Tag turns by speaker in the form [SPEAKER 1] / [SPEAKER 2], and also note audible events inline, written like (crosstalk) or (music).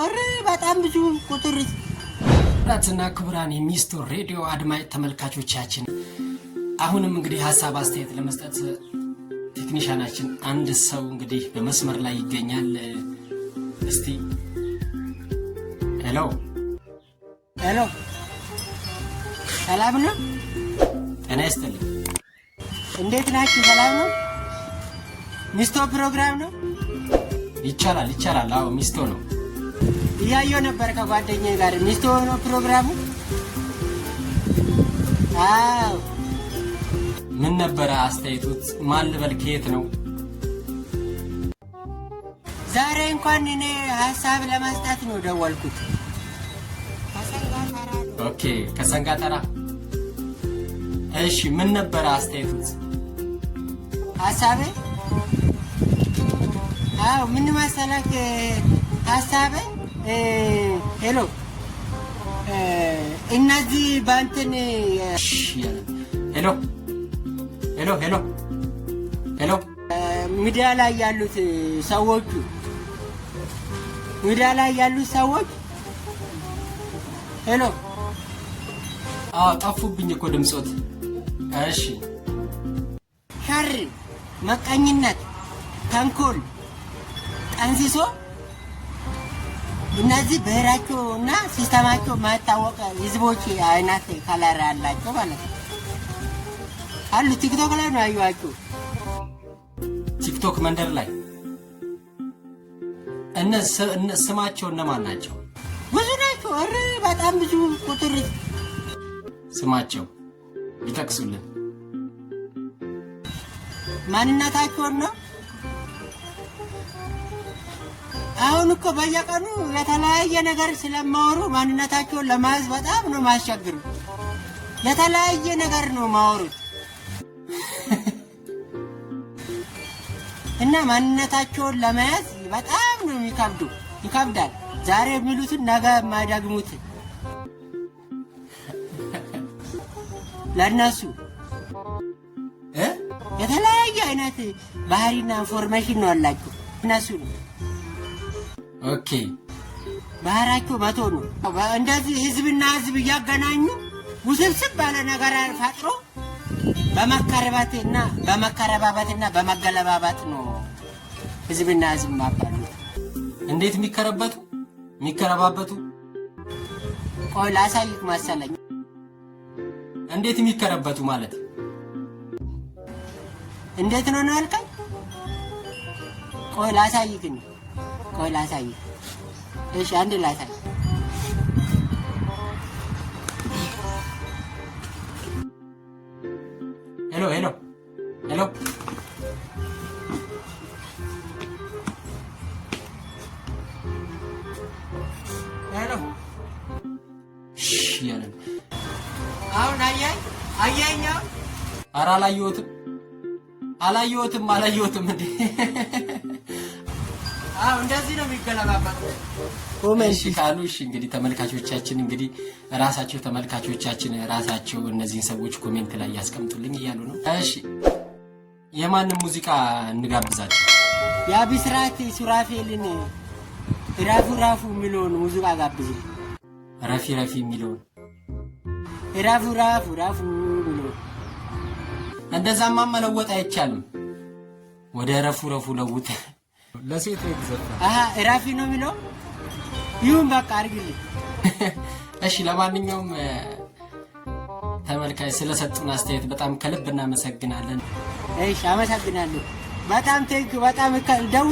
[SPEAKER 1] ኧረ በጣም ብዙ ቁጥር
[SPEAKER 2] ራትና ክቡራን የሚስቶር ሬዲዮ አድማጭ ተመልካቾቻችን አሁንም እንግዲህ ሀሳብ አስተያየት ለመስጠት ቴክኒሻናችን አንድ ሰው እንግዲህ በመስመር ላይ ይገኛል። እስቲ ሄሎ
[SPEAKER 1] ሄሎ፣ ሰላም ነው? ጤና ይስጥልኝ። እንዴት ናችሁ? ሰላም ነው? ሚስቶ ፕሮግራም ነው።
[SPEAKER 2] ይቻላል ይቻላል። አዎ ሚስቶ
[SPEAKER 1] ነው። እያየሁ ነበር ከጓደኛ ጋር ሚስት ሆኖ ፕሮግራሙ። አዎ
[SPEAKER 2] ምን ነበረ አስተያየቱት? ማን ልበል? ከየት ነው?
[SPEAKER 1] ዛሬ እንኳን እኔ ሀሳብ ለማስጣት ነው ደወልኩት።
[SPEAKER 2] ኦኬ ከሰንጋ ከሰንጋተራ እሺ። ምን ነበረ አስተያየቱት?
[SPEAKER 1] ሀሳቤ አዎ ምን መሰለህ ሀሳቤ ሄሎ እነዚህ በእንትን
[SPEAKER 2] ሄሎ ሄሎ ሄሎ ሄሎ
[SPEAKER 1] ሚዲያ ላይ ያሉት ሰዎቹ ሚዲያ ላይ ያሉት ሰዎች ሄሎ
[SPEAKER 2] ጠፉብኝ እኮ ድምፆት። እሺ
[SPEAKER 1] ሸር፣ መቀኝነት፣ ተንኮል፣ ጠንስሶ እነዚህ ብሔራቸው እና ሲስተማቸው የማይታወቅ ህዝቦች አይነት ከለር አላቸው ማለት ነው አሉ። ቲክቶክ ላይ ነው ያዩዋቸው።
[SPEAKER 2] ቲክቶክ መንደር ላይ ስማቸው እነማን
[SPEAKER 1] ናቸው? ብዙ ናቸው። እረ በጣም ብዙ ቁጥር
[SPEAKER 2] ስማቸው ይጠቅሱልን?
[SPEAKER 1] ማንነታቸውን ነው አሁን እኮ በየቀኑ ለተለያየ ነገር ስለማወሩ ማንነታቸውን ለማያዝ በጣም ነው ማስቸግሩ። ለተለያየ ነገር ነው ማወሩት እና ማንነታቸውን ለመያዝ በጣም ነው የሚከብዱ ይከብዳል። ዛሬ የሚሉትን ነገ የማይደግሙትን ለእነሱ የተለያየ አይነት ባህሪና ኢንፎርሜሽን ነው አላቸው እነሱ ኦኬ ባህራቸው መቶ እንደዚህ ህዝብና ህዝብ እያገናኙ ውስብስብ ባለ ነገር ፈጥሮ በመከረባትና በመከረባባትና በመገለባባት ነው ህዝብና ህዝብ ማባሉ።
[SPEAKER 2] እንዴት የሚከረበቱ የሚከረባበቱ?
[SPEAKER 1] ቆይ ላሳይክ መሰለኝ።
[SPEAKER 2] እንዴት የሚከረበቱ ማለት
[SPEAKER 1] እንዴት ነው ነው ያልከኝ? ቆይ ላሳይክ ነው ቆይ ላሳይ። እሺ አንዴ ላሳይ።
[SPEAKER 2] ሄሎ ሄሎ ሄሎ ሄሎ
[SPEAKER 1] አሁን። አየኸኝ አየኸኝ?
[SPEAKER 2] ኧረ አላየሁትም አላየሁትም አላየሁትም እንዴ
[SPEAKER 1] እንደዚህ ነው የሚገለባበት።
[SPEAKER 2] እሺ ካሉ እሺ። እንግዲህ ተመልካቾቻችን እንግዲህ ራሳቸው ተመልካቾቻችን ራሳቸው እነዚህን ሰዎች ኮሜንት ላይ ያስቀምጡልኝ እያሉ ነው። እሺ የማንም ሙዚቃ እንጋብዛቸው?
[SPEAKER 1] የአብስራት ሱራፌልን ራፉ ራፉ የሚለውን ሙዚቃ ጋብዙ።
[SPEAKER 2] ረፊ ረፊ የሚለውን
[SPEAKER 1] ራፉ ራፉ ራፉ የሚለውን
[SPEAKER 2] እንደዛማ መለወጥ አይቻልም። ወደ ረፉ ረፉ ለውጥ ለሴት ነው
[SPEAKER 1] ራፊ ነው የሚለው። ይሁን በቃ አድርግልኝ። (laughs)
[SPEAKER 2] እሺ፣ ለማንኛውም ተመልካች ስለሰጡን አስተያየት በጣም ከልብ እናመሰግናለን።
[SPEAKER 1] እሺ፣ አመሰግናለሁ። በጣም ቴንክ በጣም ደው